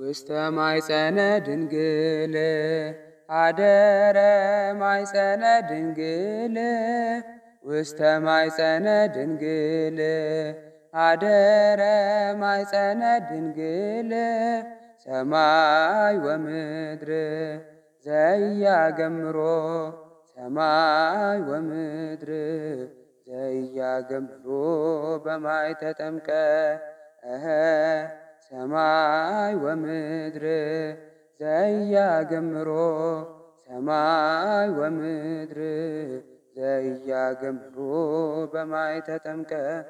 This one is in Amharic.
ውስተ ማይፀነ ድንግል አደረ ማይፀነ ድንግል ውስተ ማይፀነ ድንግል አደረ ማይፀነ ድንግል ሰማይ ወምድር ዘያገምሮ ሰማይ ወምድር ዘያገምሮ በማይ ተጠምቀ ሰማ ሰማይ ወምድር ዘያገምሮ ገምሮ ሰማይ ወምድር ዘያ ገምሮ በማይ ተጠምቀ